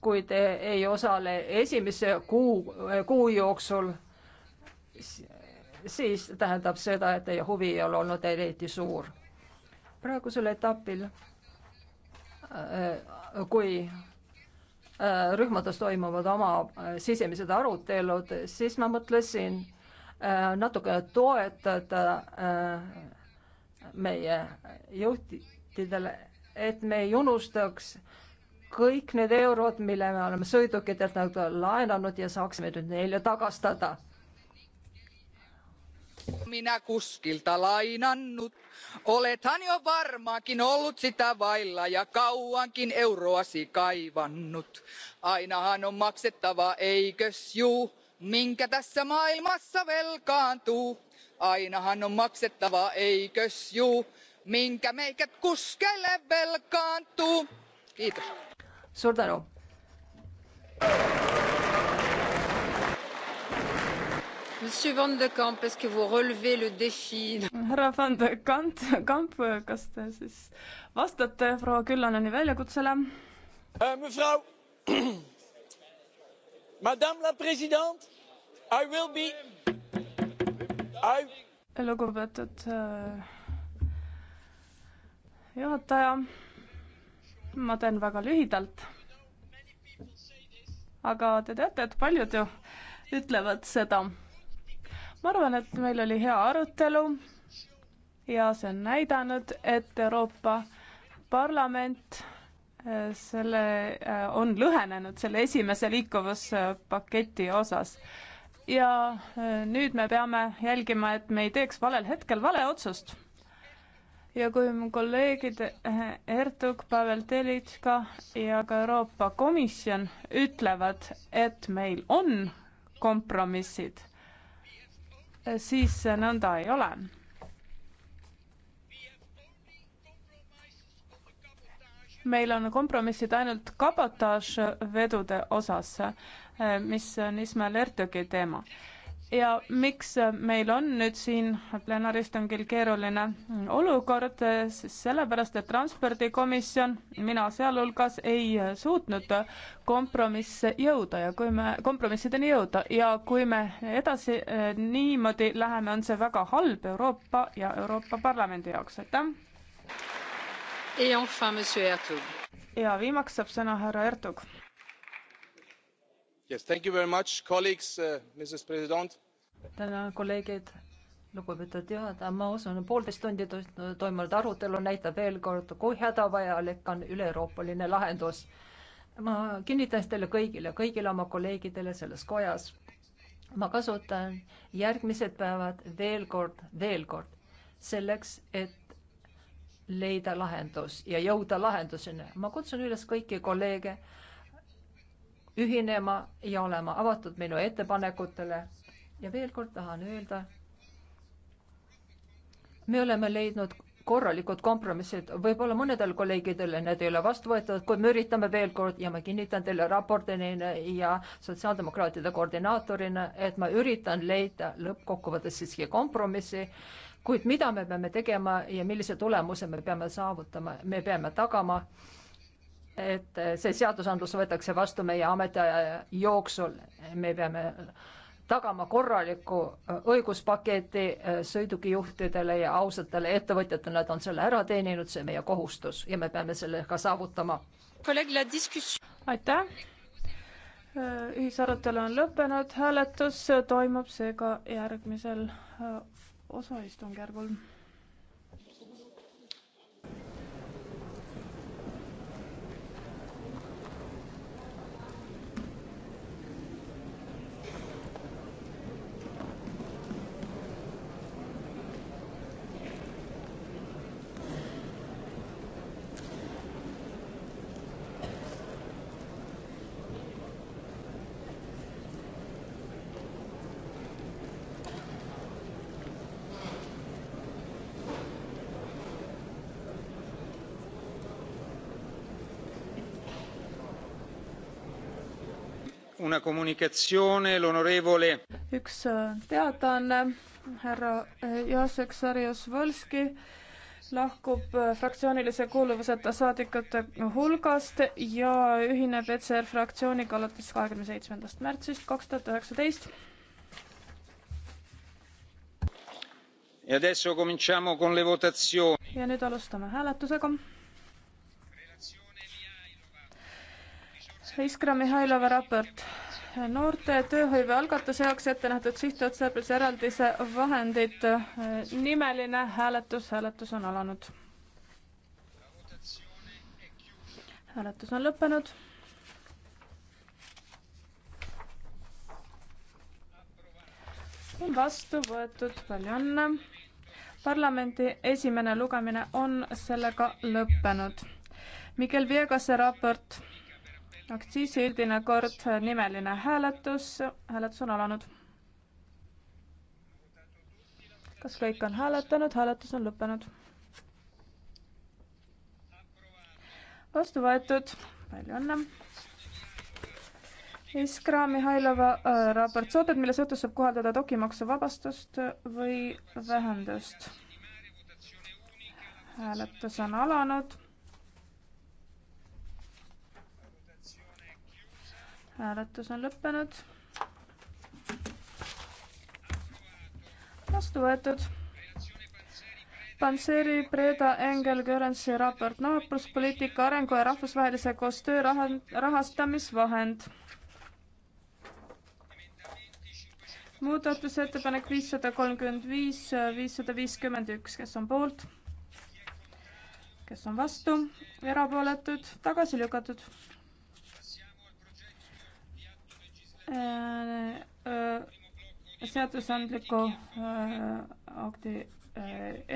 kui te ei osale esimese kuu, äh, kuu jooksul, siis tähendab seda, et teie huvi ei ole olnud eriti suur. praegusel etapil, äh, kui rühmades toimuvad oma sisemised arutelud, siis ma mõtlesin, Äh, natuke toetada äh, meie juhtidele, et me ei unustaks kõik need eurod, mille me oleme sõidukitelt nagu laenanud ja saaksime nüüd neile tagastada. minä kuskilta lainannut. Olethan jo varmaankin ollut sitä vailla ja kauankin euroasi kaivannut. Ainahan on maksettava, eikös juu? minkä tässä maailmassa velkaantuu ainahan on maksettava eikös juu minkä meikä kuskeille velkaantuu. kiitos. suur tänu. Monsieur Van de Kamp, est-ce que vous relevez le défi? härra Van de Kamp, Kamp, kas te siis vastate proua Küllaneni väljakutsele? Äh, Mevrouw madam president i will be I... lugupeetud äh, juhataja ma teen väga lühidalt aga te teate et paljud ju ütlevad seda ma arvan et meil oli hea arutelu ja see on näidanud et euroopa parlament selle, äh, on lõhenenud selle esimese liikuvuspaketi osas. ja äh, nüüd me peame jälgima, et me ei teeks valel hetkel vale otsust ja kui mu kolleegid äh, Ertug, Pavel Telitška ja ka Euroopa Komisjon ütlevad, et meil on kompromissid, siis nõnda ei ole meil on kompromissid ainult kabotaažvedude osas, eh, mis on Ismael Ertugi teema. ja miks meil on nüüd siin plenaristungil keeruline olukord, siis sellepärast, et transpordikomisjon, mina sealhulgas, ei suutnud kompromisse jõuda ja kui me, kompromissideni jõuda ja kui me edasi eh, niimoodi läheme, on see väga halb Euroopa ja Euroopa Parlamendi jaoks, aitäh! ja viimaks saab sõna härra ertug. Uh, tänan kolleegid lugupeetud juhataja, ma usun, poolteist tundi toimunud arutelu näitab veel kord, kui hädavajalik on üleeuroopaline lahendus. ma kinnitan teile kõigile, kõigile oma kolleegidele selles kojas. ma kasutan järgmised päevad veel kord, veel kord selleks, et leida lahendus ja jõuda lahenduseni. ma kutsun üles kõiki kolleege ühinema ja olema avatud minu ettepanekutele. ja veel kord tahan öelda, me oleme leidnud korralikud kompromissid, võib-olla mõnedel kolleegidel need ei ole vastu võetud, kuid me üritame veel kord ja ma kinnitan teile raportina ja sotsiaaldemokraatide koordinaatorina, et ma üritan leida lõppkokkuvõttes siiski kompromissi kuid mida me peame tegema ja millise tulemuse me peame saavutama, me peame tagama, et see seadusandlus võetakse vastu meie ametiaja jooksul, me peame tagama korraliku õiguspaketi eh, sõidukijuhtidele ja ausatele ettevõtjatele, nad on selle ära teeninud, see on meie kohustus ja me peame selle ka saavutama. aitäh. ühisarutelu on lõppenud, hääletus toimub seega järgmisel eh, osaistungjärgul. üks äh, teadaanne, härra äh, Jacek Sarjus-Volski lahkub äh, fraktsioonilise kuuluvuseta saadikute hulgast ja ühineb ECR fraktsiooniga alates kahekümne seitsmendast märtsist kaks tuhat üheksateist. E ja nüüd alustame hääletusega. Iskra Mihhailova raport. noorte tööhõive algatuse jaoks ette nähtud sihtotstarbelise eraldise vahendid. nimeline hääletus, hääletus on alanud. hääletus on lõppenud. vastu võetud, palju õnne. parlamendi esimene lugemine on sellega lõppenud. Miguel Viegase raport aktsiisi üldine kord, nimeline hääletus, hääletus on alanud. kas kõik on hääletanud, hääletus on lõppenud. vastu võetud, palju õnne. Iskra Mihhailova äh, raport soodet, mille suhtes saab kohaldada dokimaksu vabastust või vähendust. hääletus on alanud hääletus on lõppenud. vastu võetud. Panseri, Preda, Engel, Göransi raport naabruspoliitika arengu ja rahvusvahelise koostöö raha, rahastamisvahend. muudatusettepanek viissada kolmkümmend viis, viissada viiskümmend üks, kes on poolt? kes on vastu, erapooletud, tagasi lükatud Äh, äh, seadusandliku äh, akti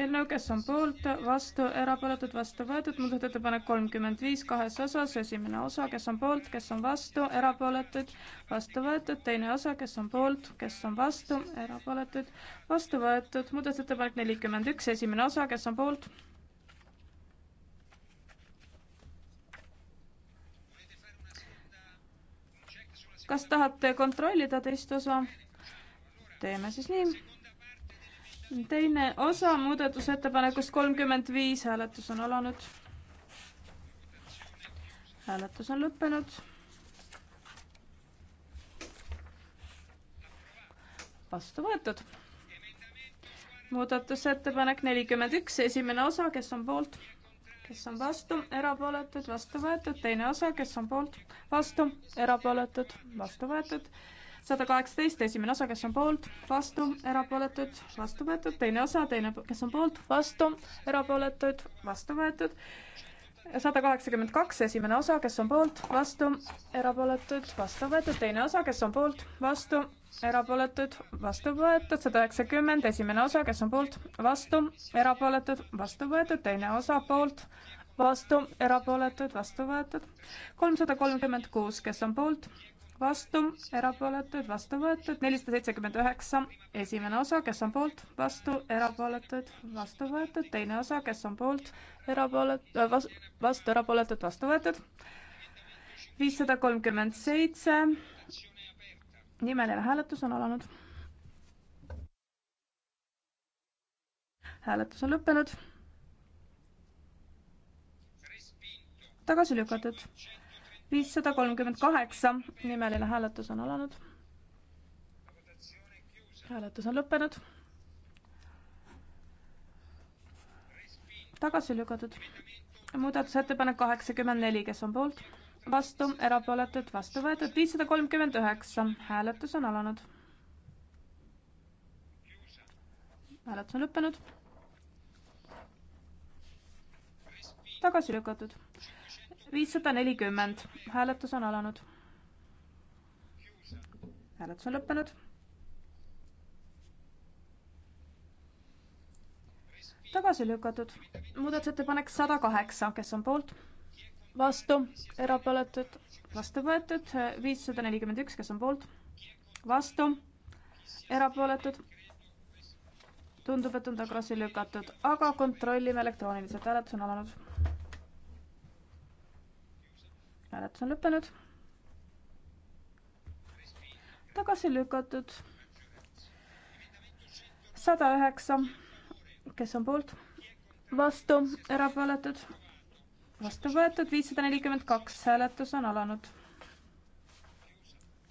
eelnõu, kes on poolt, vastu, erapooletud, vastu võetud, muudatusettepanek kolmkümmend viis kahes osas, esimene osa, kes on poolt, kes on vastu, erapooletud, vastu võetud, teine osa, kes on poolt, kes on vastu, erapooletud, vastu võetud, muudatusettepanek nelikümmend üks, esimene osa, kes on poolt kas tahate kontrollida teist osa? teeme siis nii. teine osa muudatusettepanekust kolmkümmend viis, hääletus on alanud. hääletus on lõppenud. vastu võetud. muudatusettepanek nelikümmend üks, esimene osa, kes on poolt? kes on vastu, erapooletud, vastu võetud, teine osa, kes on poolt, vastu, erapooletud, vastu võetud, sada kaheksateist, esimene osa, kes on poolt, vastu, erapooletud, vastu võetud, teine osa, teine, kes on poolt, vastu, erapooletud, vastu võetud, sada kaheksakümmend kaks, esimene osa, kes on poolt, vastu, erapooletud, vastu võetud, teine osa, kes on poolt, vastu, erapooletud, vastu võetud, sada üheksakümmend, esimene osa, kes on poolt, vastu, erapooletud, vastu võetud, teine osa poolt, vastu, erapooletud, vastu võetud, kolmsada kolmkümmend kuus, kes on poolt, vastu, erapooletud, vastu võetud, nelisada seitsekümmend üheksa, esimene osa, kes on poolt, vastu, erapooletud, vastu võetud, teine osa, kes on poolt, erapooletud, äh, vastu, erapooletud, vastu võetud, viissada kolmkümmend seitse, nimeline hääletus on alanud. hääletus on lõppenud. tagasi lükatud. viissada kolmkümmend kaheksa, nimeline hääletus on alanud. hääletus on lõppenud. tagasi lükatud. muudatusettepanek kaheksakümmend neli, kes on poolt? vastu, erapooletud, vastu võetud, viissada kolmkümmend üheksa, hääletus on alanud. hääletus on lõppenud. tagasi lükatud. viissada nelikümmend, hääletus on alanud. hääletus on lõppenud. tagasi lükatud. muudatusettepanek sada kaheksa, kes on poolt? vastu, erapooletud, vastu võetud, viissada nelikümmend üks, kes on poolt, vastu, erapooletud. tundub, et on tagasi lükatud, aga kontrollime elektrooniliselt, hääletus on alanud. hääletus on lõppenud. tagasi lükatud. sada üheksa, kes on poolt, vastu, erapooletud vastu võetud viissada nelikümmend kaks, hääletus on alanud.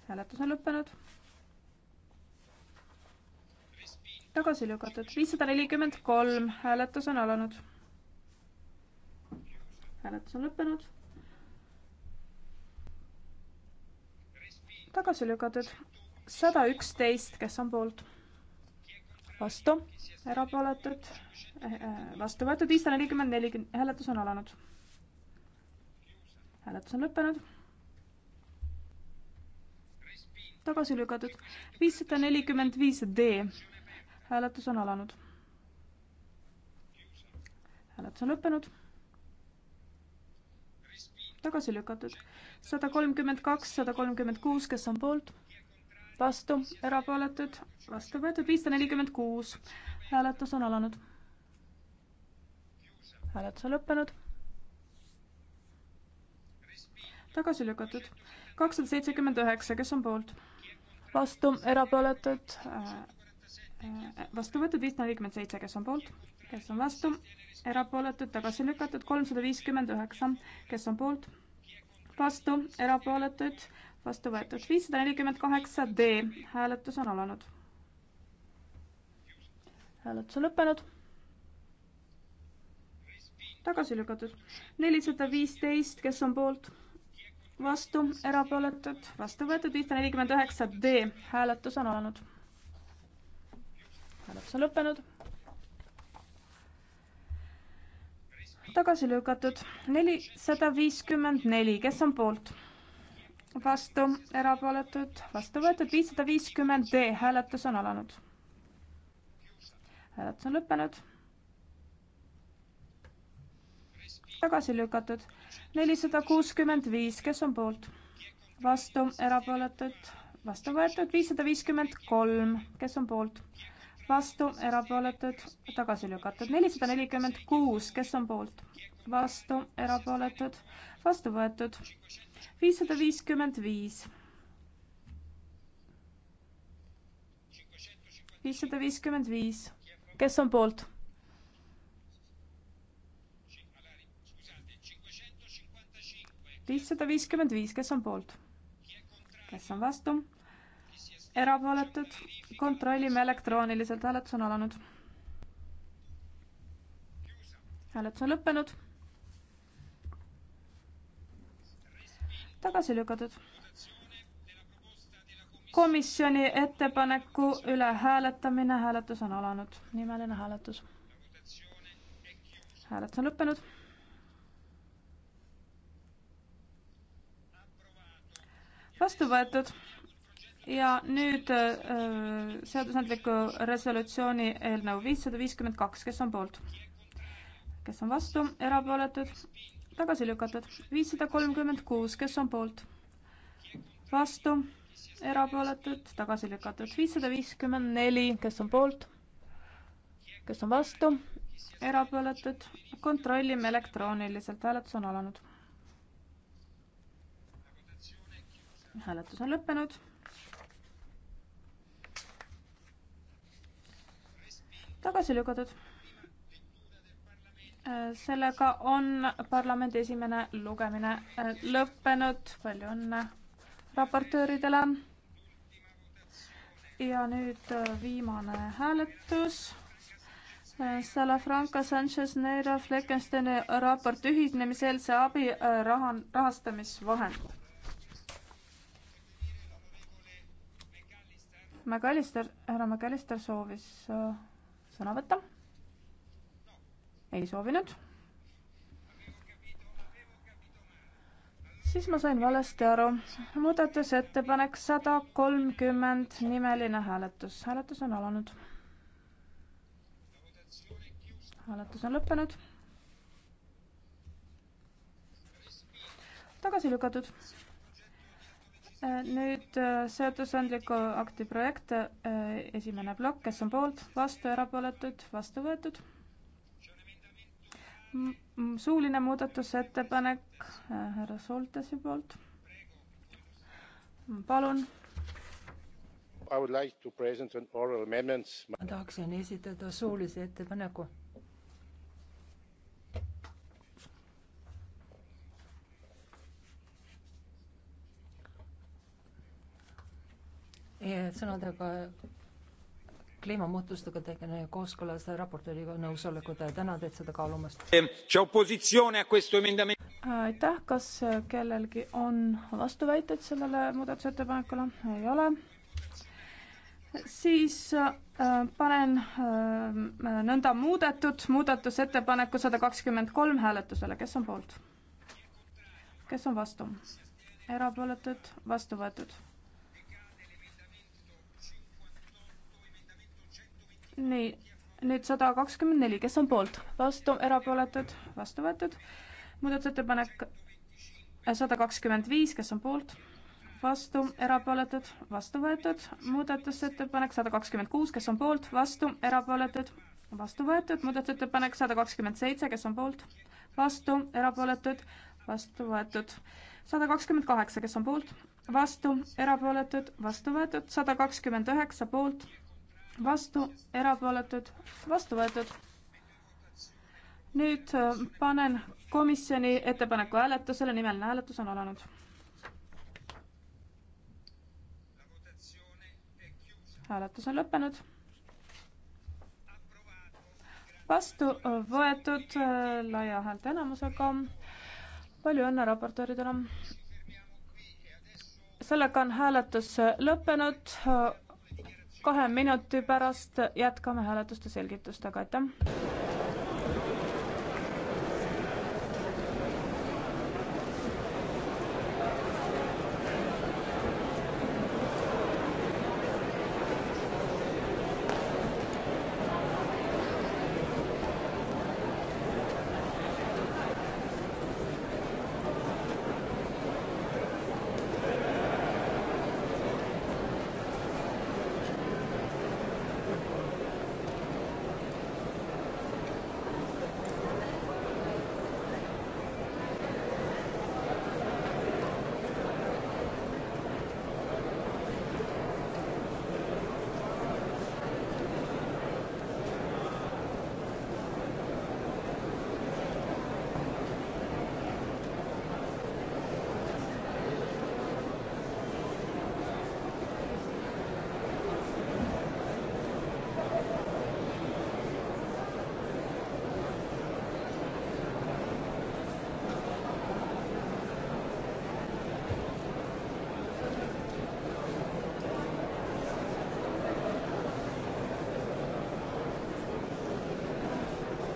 hääletus on lõppenud. tagasi lükatud viissada nelikümmend kolm, hääletus on alanud. hääletus on lõppenud. tagasi lükatud sada üksteist, kes on poolt? vastu, erapooletud, vastu võetud viissada nelikümmend neli, hääletus on alanud hääletus on lõppenud. tagasi lükatud. viissada nelikümmend viis D. hääletus on alanud. hääletus on lõppenud. tagasi lükatud. sada kolmkümmend kaks, sada kolmkümmend kuus, kes on poolt? vastu, erapooletud, vastu võetud, viissada nelikümmend kuus. hääletus on alanud. hääletus on lõppenud tagasi lükatud. kakssada seitsekümmend üheksa, kes on poolt? vastu, erapooletud, äh, äh, vastu võetud viissada nelikümmend seitse, kes on poolt, kes on vastu, erapooletud, tagasi lükatud, kolmsada viiskümmend üheksa, kes on poolt, vastu, erapooletud, vastu võetud. viissada nelikümmend kaheksa D hääletus on alanud. hääletus on lõppenud. tagasi lükatud. nelisada viisteist, kes on poolt? vastu, erapooletud, vastu võetud, viissada nelikümmend üheksa D, hääletus on alanud. hääletus on lõppenud. tagasi lükatud, nelisada viiskümmend neli, kes on poolt? vastu, erapooletud, vastu võetud, viissada viiskümmend D, hääletus on alanud. hääletus on lõppenud. tagasi lükatud nelisada kuuskümmend viis, kes on poolt? vastu, erapooletud, vastu võetud, viissada viiskümmend kolm, kes on poolt? vastu, erapooletud, tagasi lükatud, nelisada nelikümmend kuus, kes on poolt? vastu, erapooletud, vastu võetud, viissada viiskümmend viis. viissada viiskümmend viis, kes on poolt? viissada viiskümmend viis, kes on poolt? kes on vastu? erapooletud, kontrollime elektrooniliselt, hääletus on alanud. hääletus on lõppenud. tagasi lükatud. komisjoni ettepaneku üle hääletamine, hääletus on alanud, nimeline hääletus. hääletus on lõppenud vastu võetud ja nüüd äh, seadusandliku resolutsiooni eelnõu viissada viiskümmend kaks, kes on poolt? kes on vastu, erapooletud, tagasi lükatud, viissada kolmkümmend kuus, kes on poolt? vastu, erapooletud, tagasi lükatud, viissada viiskümmend neli, kes on poolt? kes on vastu, erapooletud, kontrollime elektrooniliselt, hääletus on alanud. hääletus on lõppenud. tagasi lükatud. sellega on parlamendi esimene lugemine äh, lõppenud, palju õnne raportööridele. ja nüüd äh, viimane hääletus äh, Salafranca Sanchez Neira Fleckensteini raport ühinemise eelse abi rahan, rahastamisvahend. McAllister, härra McAllister soovis äh, sõna võtta. ei soovinud. siis ma sain valesti aru. muudatusettepanek sada kolmkümmend, nimeline hääletus. hääletus on alanud. hääletus on lõppenud. tagasi lükatud Äh, nüüd äh, seadusandliku akti projekt, äh, esimene plokk, kes on poolt, vastu, erapooletud, vastu võetud. suuline muudatusettepanek härra Soltesi poolt. palun. Like ma tahaksin esitada suulise ettepaneku sõnadega kliimamuutustega tegelemine kooskõlas raportööriga nõusolekut ja tänan teid seda kaalumast. aitäh, kas kellelgi on vastuväiteid sellele muudatusettepanekule? ei ole siis äh, panen äh, nõnda muudetud muudatusettepaneku sada kakskümmend kolm hääletusele, kes on poolt? kes on vastu? erapooletud, vastu võetud nii, nüüd sada kakskümmend neli, kes on poolt, vastu, erapooletud, vastu võetud. muudatusettepanek sada kakskümmend viis, kes on poolt, vastu, erapooletud, vastu võetud. muudatusettepanek sada kakskümmend kuus, kes on poolt, vastu, erapooletud, vastu võetud. muudatusettepanek sada kakskümmend seitse, kes on poolt, vastu, erapooletud, vastu võetud. sada kakskümmend kaheksa, kes on poolt, vastu, erapooletud, vastu võetud. sada kakskümmend üheksa poolt vastu, erapooletud, vastu võetud. nüüd äh, panen komisjoni ettepaneku hääletusele, nimeline hääletus on alanud. hääletus on lõppenud vastu äh, võetud äh, laia häälteenamusega. palju õnne raportööridele. sellega on hääletus lõppenud kahe minuti pärast jätkame hääletuste selgitustega, aitäh!